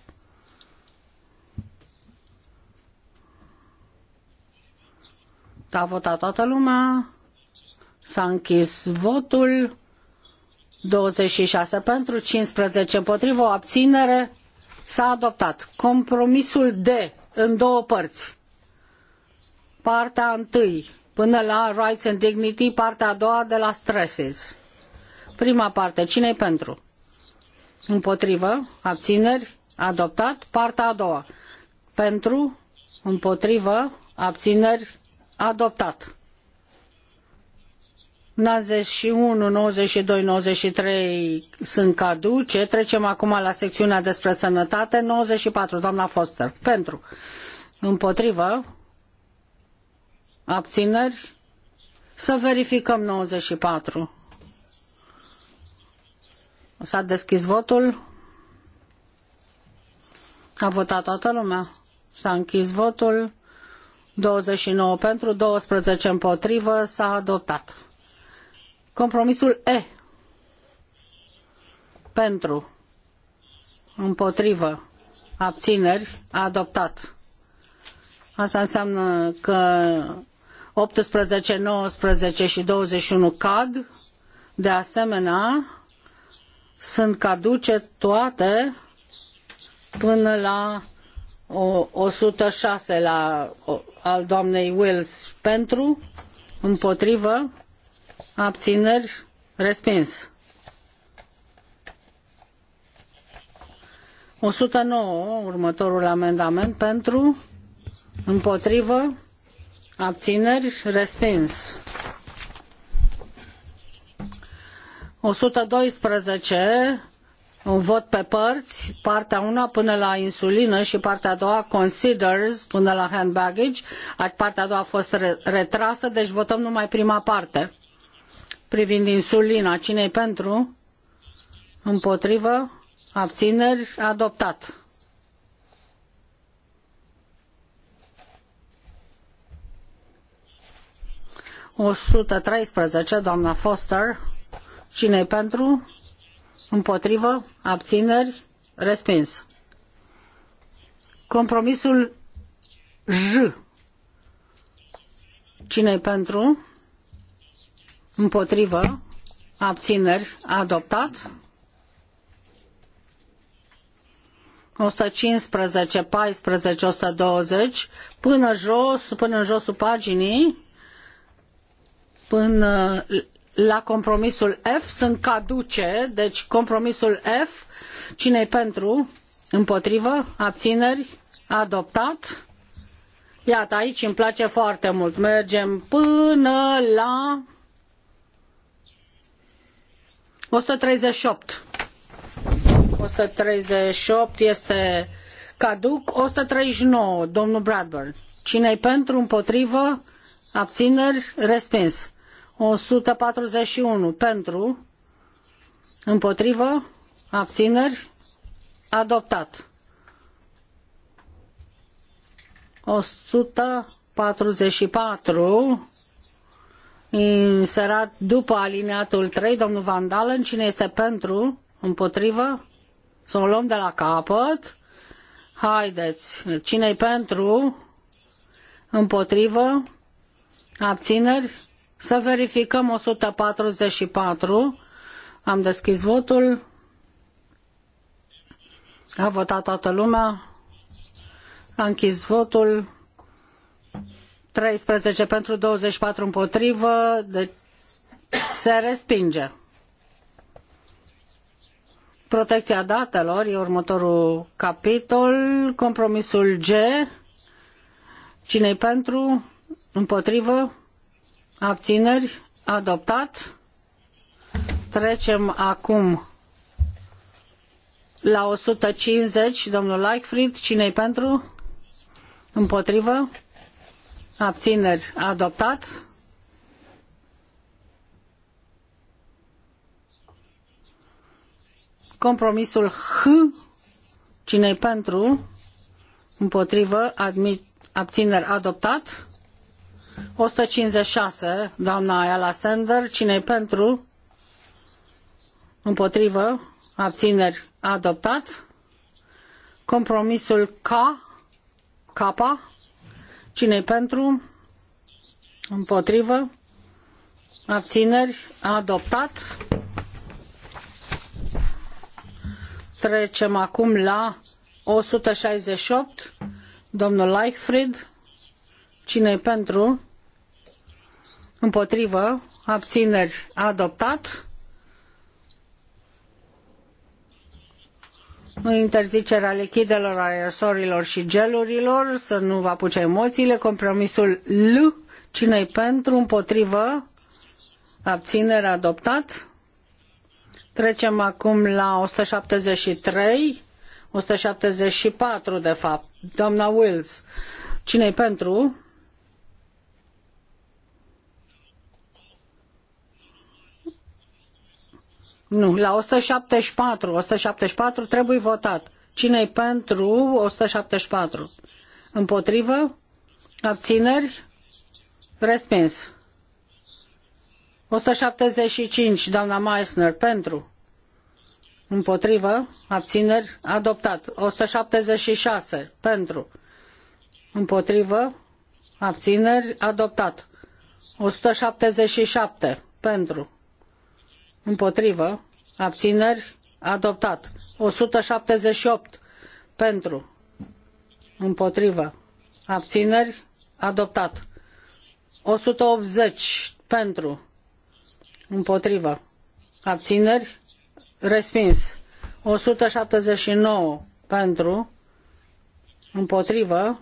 Da, a votat toată lumea, s-a închis votul, 26 pentru, 15 împotrivă, o abținere, s-a adoptat. Compromisul D în două părți. Partea întâi până la Rights and Dignity, partea a doua de la Stresses. Prima parte, cine pentru? împotrivă, abțineri, adoptat. Partea a doua, pentru, împotrivă, abțineri, adoptat. 91, 92, 93 sunt caduce. Trecem acum la secțiunea despre sănătate. 94, doamna Foster. Pentru. Împotrivă. Abțineri. Să verificăm 94. S-a deschis votul. A votat toată lumea. S-a închis votul. 29 pentru, 12 împotrivă. S-a adoptat. Compromisul E. Pentru. Împotrivă. Abțineri. A adoptat. Asta înseamnă că 18, 19 și 21 cad. De asemenea, sunt caduce toate până la o, 106 la, al doamnei Wills pentru, împotrivă, abțineri, respins. 109, următorul amendament pentru, împotrivă, abțineri, respins. 112, un vot pe părți, partea una până la insulină și partea a doua considers până la hand baggage, partea a doua a fost retrasă, deci votăm numai prima parte. Privind insulina, cine pentru? Împotrivă? Abțineri? Adoptat. O sută 113, doamna Foster. Cine e pentru? Împotrivă? Abțineri? Respins. Compromisul J. Cine e pentru? Împotrivă? Abțineri? Adoptat? 115, 14, 120, până jos, până în josul paginii, până la compromisul F sunt caduce, deci compromisul F, cine e pentru, împotrivă, abțineri, adoptat. Iată, aici îmi place foarte mult. Mergem până la 138. 138 este caduc, 139, domnul Bradburn. Cine-i pentru, împotrivă, abțineri, respins. 141 pentru, împotrivă, abțineri, adoptat. 144 inserat după alineatul 3, domnul Van Dalen, cine este pentru, împotrivă, să o luăm de la capăt. Haideți, cine e pentru, împotrivă, abțineri, să verificăm 144. Am deschis votul. A votat toată lumea. A închis votul. 13 pentru 24 împotrivă. De... Deci, se respinge. Protecția datelor e următorul capitol. Compromisul G. Cine-i pentru? Împotrivă? abțineri, adoptat. Trecem acum la 150, domnul Leichfried, cine-i pentru? Împotrivă? Abțineri, adoptat. Compromisul H, cine-i pentru? Împotrivă, admit, abțineri, adoptat. 156, doamna Ayala Sender, cine pentru? Împotrivă, abțineri, adoptat. Compromisul K, K, cine pentru? Împotrivă, abțineri, adoptat. Trecem acum la 168, domnul Leichfried Cine e pentru? Împotrivă? Abțineri? Adoptat? interzicerea lichidelor, aerosolilor și gelurilor, să nu apuce emoțiile, compromisul L, cine pentru, împotrivă, abținere, adoptat. Trecem acum la 173, 174 de fapt, doamna Wills, cine pentru, Nu, la 174. 174 trebuie votat. Cine-i pentru 174? Împotrivă? Abțineri? Respins. 175, doamna Meissner, pentru. Împotrivă? Abțineri? Adoptat. 176, pentru. Împotrivă? Abțineri? Adoptat. 177, pentru împotrivă, abțineri, adoptat. 178 pentru, împotrivă, abțineri, adoptat. 180 pentru, împotrivă, abțineri, respins. 179 pentru, împotrivă,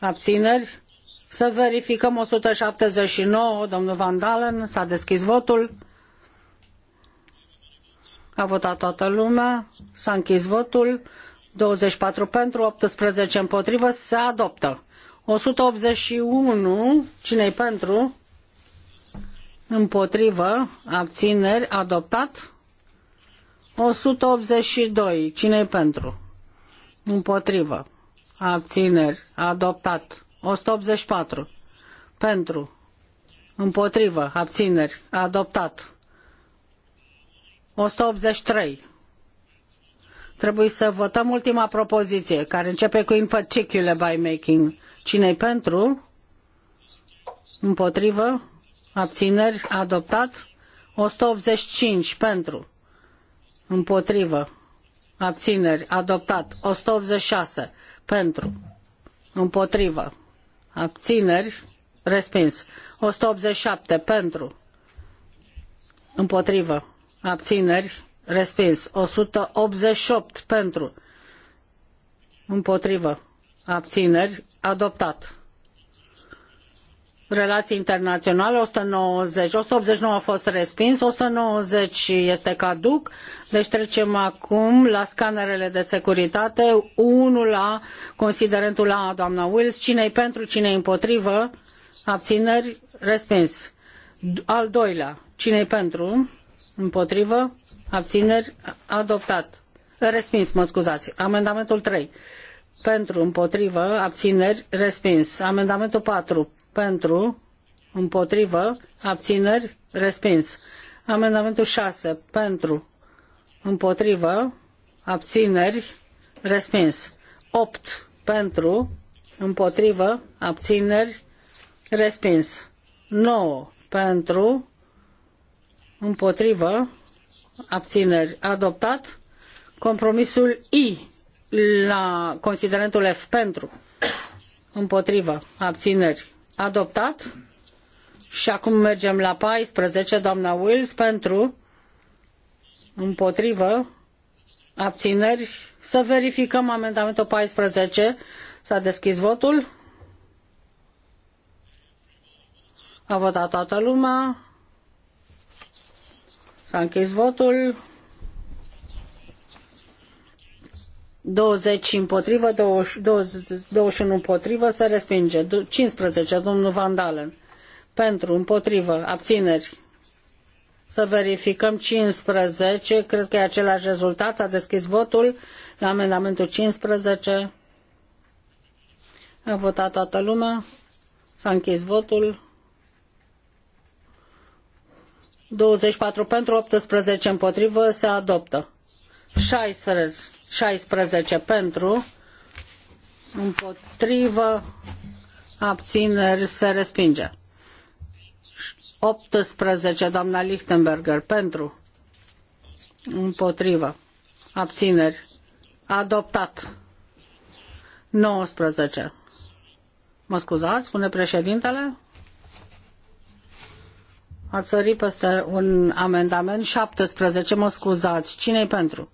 abțineri, să verificăm 179, domnul Van Dalen, s-a deschis votul. A votat toată lumea, s-a închis votul, 24 pentru, 18 împotrivă, se adoptă. 181, cine-i pentru? Împotrivă, abțineri, adoptat. 182, cine-i pentru? Împotrivă, abțineri, adoptat. 184, pentru, împotrivă, abțineri, adoptat. 183. Trebuie să votăm ultima propoziție, care începe cu in particular by making. Cine-i pentru? Împotrivă? Abțineri? Adoptat? 185 pentru. Împotrivă. Abțineri. Adoptat. 186 pentru. Împotrivă. Abțineri. Respins. 187 pentru. Împotrivă abțineri, respins. 188 pentru, împotrivă, abțineri, adoptat. Relații internaționale, 190, 189 a fost respins, 190 este caduc, deci trecem acum la scanerele de securitate, 1 la considerentul la doamna Wills, cine-i pentru, cine-i împotrivă, abțineri, respins. Al doilea, cine-i pentru, Împotrivă? Abțineri? Adoptat. Respins, mă scuzați. Amendamentul 3. Pentru, împotrivă, abțineri, respins. Amendamentul 4. Pentru, împotrivă, abțineri, respins. Amendamentul 6. Pentru, împotrivă, abțineri, respins. 8. Pentru, împotrivă, abțineri, respins. 9. Pentru, împotrivă, abțineri, adoptat. Compromisul I la considerentul F pentru, împotrivă, abțineri, adoptat. Și acum mergem la 14, doamna Wills, pentru, împotrivă, abțineri. Să verificăm amendamentul 14. S-a deschis votul. A votat toată lumea. S-a închis votul. 20 împotrivă, 20, 21 împotrivă, se respinge. 15, domnul Vandalen. Pentru, împotrivă, abțineri. Să verificăm 15, cred că e același rezultat, s-a deschis votul la amendamentul 15. A votat toată lumea, s-a închis votul. 24 pentru, 18 împotrivă, se adoptă. 16, 16 pentru, împotrivă, abțineri, se respinge. 18, doamna Lichtenberger, pentru, împotrivă, abțineri, adoptat. 19. Mă scuzați, spune președintele? Ați sărit peste un amendament 17, mă scuzați. Cine-i pentru?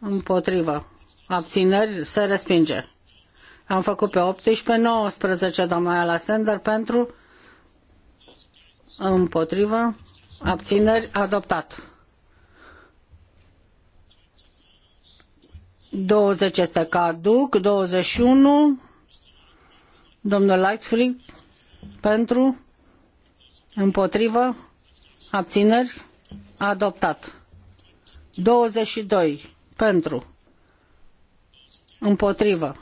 Împotrivă. Abțineri se respinge. Am făcut pe 18, 19, doamna Ala Sender, pentru, împotrivă, abțineri, adoptat. 20 este caduc, 21, domnul Lightfried, pentru, Împotrivă? Abțineri? Adoptat. 22. Pentru. Împotrivă.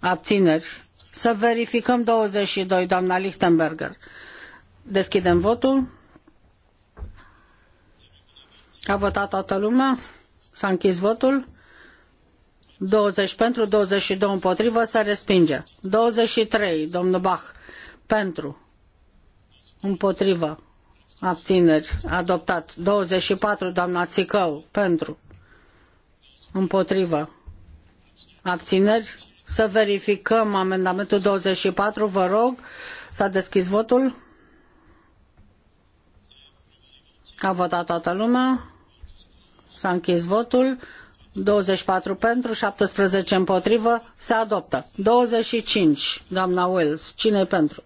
Abțineri. Să verificăm 22, doamna Lichtenberger. Deschidem votul. A votat toată lumea? S-a închis votul? 20 pentru, 22 împotrivă, se respinge. 23, domnul Bach, pentru Împotrivă. Abțineri. Adoptat. 24, doamna Țicău. Pentru. Împotrivă. Abțineri. Să verificăm amendamentul 24, vă rog. S-a deschis votul. A votat toată lumea. S-a închis votul. 24 pentru, 17 împotrivă. Se adoptă. 25, doamna Wells. cine pentru?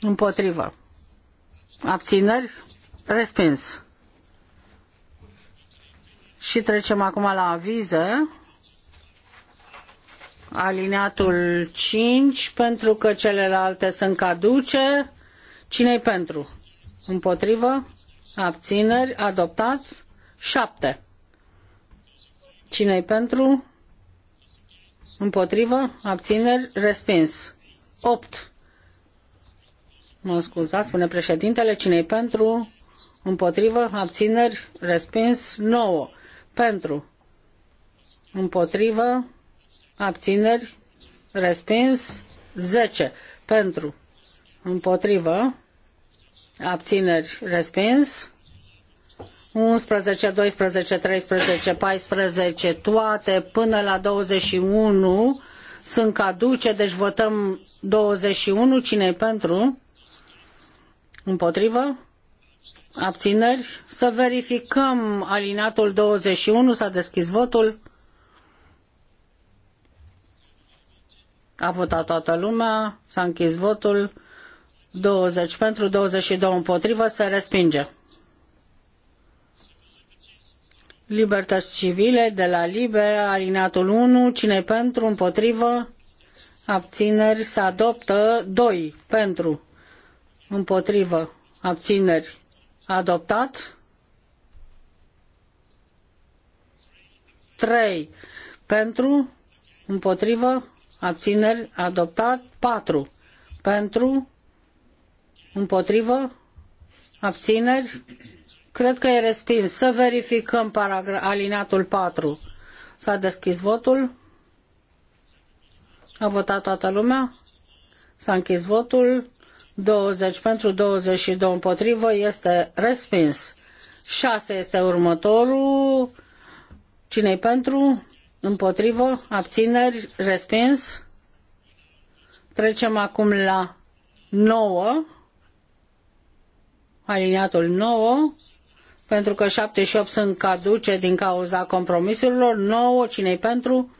Împotrivă abțineri, respins. Și trecem acum la avize. Alineatul 5, pentru că celelalte sunt caduce. cine e pentru? Împotrivă? Abțineri? Adoptați? 7. cine e pentru? Împotrivă? Abțineri? Respins. 8. Mă scuzați, spune președintele, cine pentru? Împotrivă, abțineri, respins, 9. Pentru, împotrivă, abțineri, respins, 10. Pentru, împotrivă, abțineri, respins, 11, 12, 13, 14, toate până la 21 sunt caduce, deci votăm 21, cine e pentru? Împotrivă? Abțineri? Să verificăm alinatul 21. S-a deschis votul. A votat toată lumea. S-a închis votul. 20 pentru, 22 împotrivă. Se respinge. Libertăți civile de la Libe, alinatul 1. Cine pentru? Împotrivă? Abțineri? Se adoptă 2 pentru împotrivă, abțineri, adoptat. 3 pentru, împotrivă, abțineri, adoptat. 4 pentru, împotrivă, abțineri, cred că e respins. Să verificăm paragra- alineatul 4. S-a deschis votul. A votat toată lumea. S-a închis votul. 20 pentru 22 împotrivă este respins. 6 este următorul. cine pentru? Împotrivă? Abțineri? Respins? Trecem acum la 9. Aliniatul 9. Pentru că 7 și 8 sunt caduce din cauza compromisurilor. 9. cine pentru?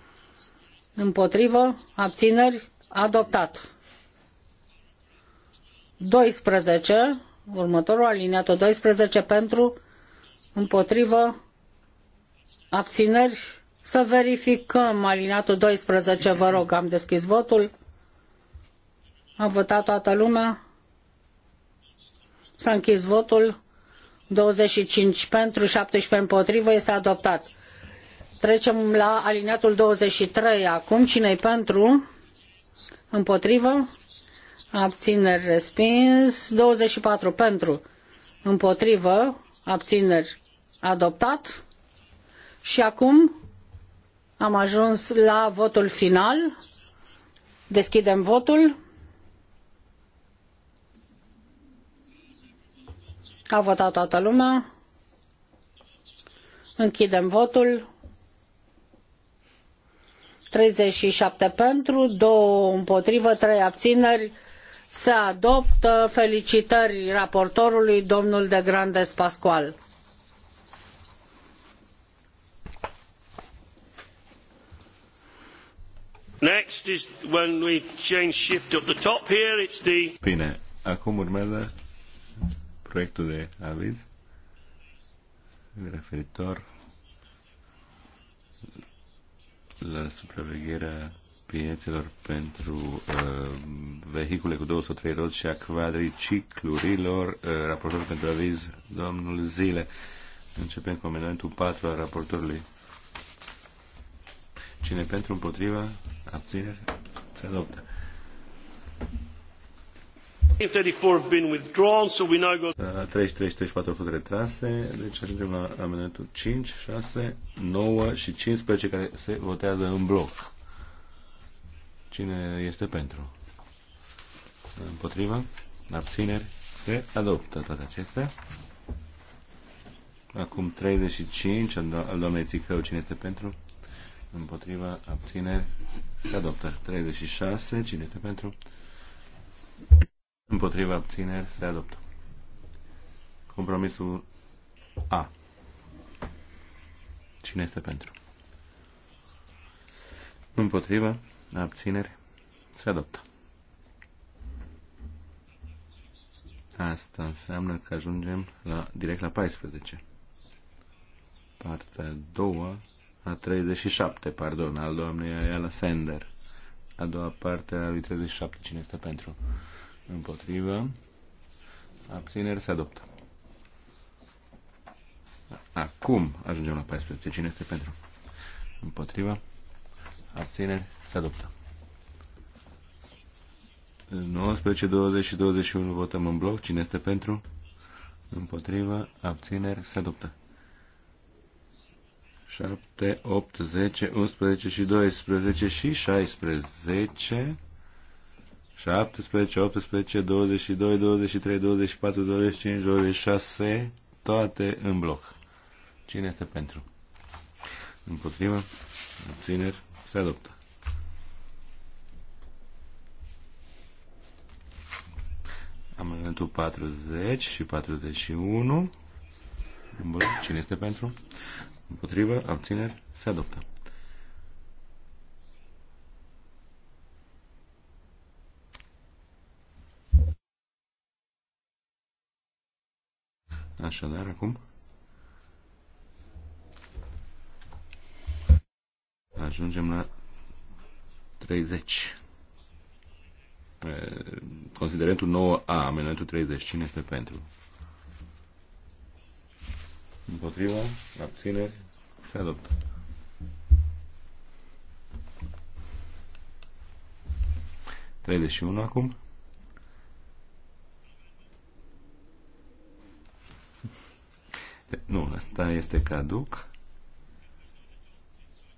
Împotrivă? Abțineri? Adoptat. 12, următorul aliniatul 12 pentru, împotrivă, abțineri. Să verificăm aliniatul 12, vă rog, am deschis votul. am votat toată lumea. S-a închis votul. 25 pentru, 17 împotrivă, este adoptat. Trecem la aliniatul 23 acum. cine pentru? Împotrivă? abțineri respins, 24 pentru, împotrivă, abțineri adoptat. Și acum am ajuns la votul final. Deschidem votul. A votat toată lumea. Închidem votul. 37 pentru, 2 împotrivă, 3 abțineri se adoptă. Felicitări raportorului, domnul de Grandes Pascual. Next is when we change shift up the top here, it's the... Bine, acum urmează proiectul de aviz referitor la supravegherea prietelor pentru uh, vehicule cu 203 roți și a quadriciclurilor, uh, raportor pentru aviz, domnul Zile. Începem cu amendamentul 4 al raportorului. Cine pentru, împotriva, abțineri, se adoptă. 34 been withdrawn, so we now go... 33, da, 34 au fost retrase, deci ajungem la amendamentul 5, 6, 9 și 15 care se votează în bloc. Cine este pentru? Împotriva? Abțineri? Se adoptă toate acestea. Acum 35 al doamnei Țicău. Cine este pentru? Împotriva? Abțineri? Se adoptă. 36. Cine este pentru? Împotriva? Abțineri? Se adoptă. Compromisul A. Cine este pentru? Împotriva? Abținere. se adoptă. Asta înseamnă că ajungem la, direct la 14. Partea a doua, a 37, pardon, al doamnei la Sender. A doua parte a lui 37, cine este pentru? Împotrivă. Abțineri se adoptă. Acum ajungem la 14. Cine este pentru? Împotrivă. Abțineri se adoptă. 19, 20 și 21 votăm în bloc. Cine este pentru? Împotrivă. Abțineri. Se adoptă. 7, 8, 10, 11 și 12 și 16. 17, 18, 22, 23, 24, 25, 26, toate în bloc. Cine este pentru? Împotrivă? Abțineri? Se adoptă. Am Amendamentul 40 și 41. cine este pentru? Împotrivă, abțineri, se adoptă. Așadar, acum ajungem la 30. Considerentul 9A, amendamentul 30. Cine este pentru? Împotriva? Abțineri? Se adoptă. Trebuie și unul acum. Nu, asta este caduc.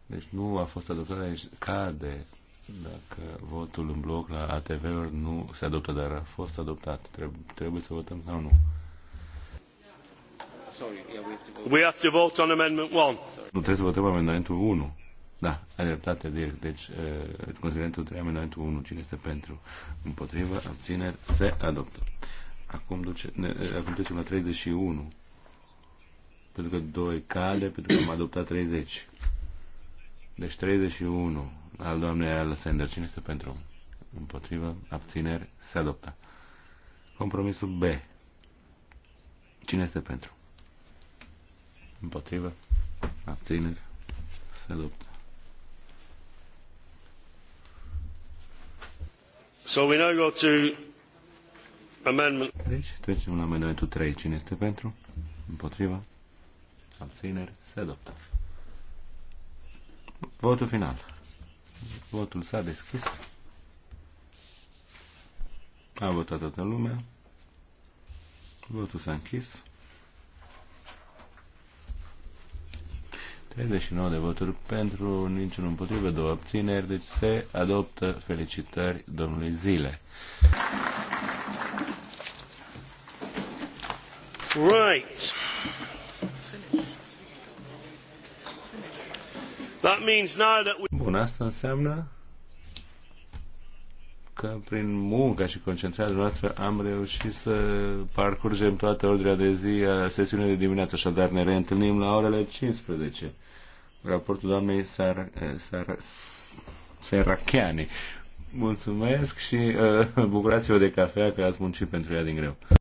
Deci nu a fost adoptat, deci cade dacă votul în bloc la ATV-uri nu se adoptă, dar a fost adoptat. Trebuie, să votăm sau nu? We have to vote on amendment 1. Nu trebuie să votăm amendamentul 1. Da, ai dreptate direct. Deci, uh, considerentul 3, amendamentul 1, cine este pentru? Împotrivă, abțineri, se adoptă. Acum, duce, ne, acum trecem la 31. Pentru că 2 cale, pentru că am adoptat 30. Deci 31 al doamnei Alessandra. Cine este pentru? Împotrivă. Abțineri. Se adoptă. Compromisul B. Cine este pentru? Împotrivă. Abțineri. Se adoptă. So we now go to amendment. Deci trecem la amendamentul 3. Cine este pentru? Împotriva? Abțineri? Se adoptă. Votul final. Votul s-a deschis. A votat toată lumea. Votul s-a închis. 39 de voturi pentru, niciun împotrivă, două abțineri, deci se adoptă felicitări domnului Zile. Right. That means now that we bun. Asta înseamnă că prin munca și concentrarea noastră am reușit să parcurgem toată ordinea de zi a sesiunii de dimineață, așadar ne reîntâlnim la orele 15. Raportul doamnei Sar, eh, Sar, Seracheani. Mulțumesc și uh, bucurați-vă de cafea că ați muncit pentru ea din greu.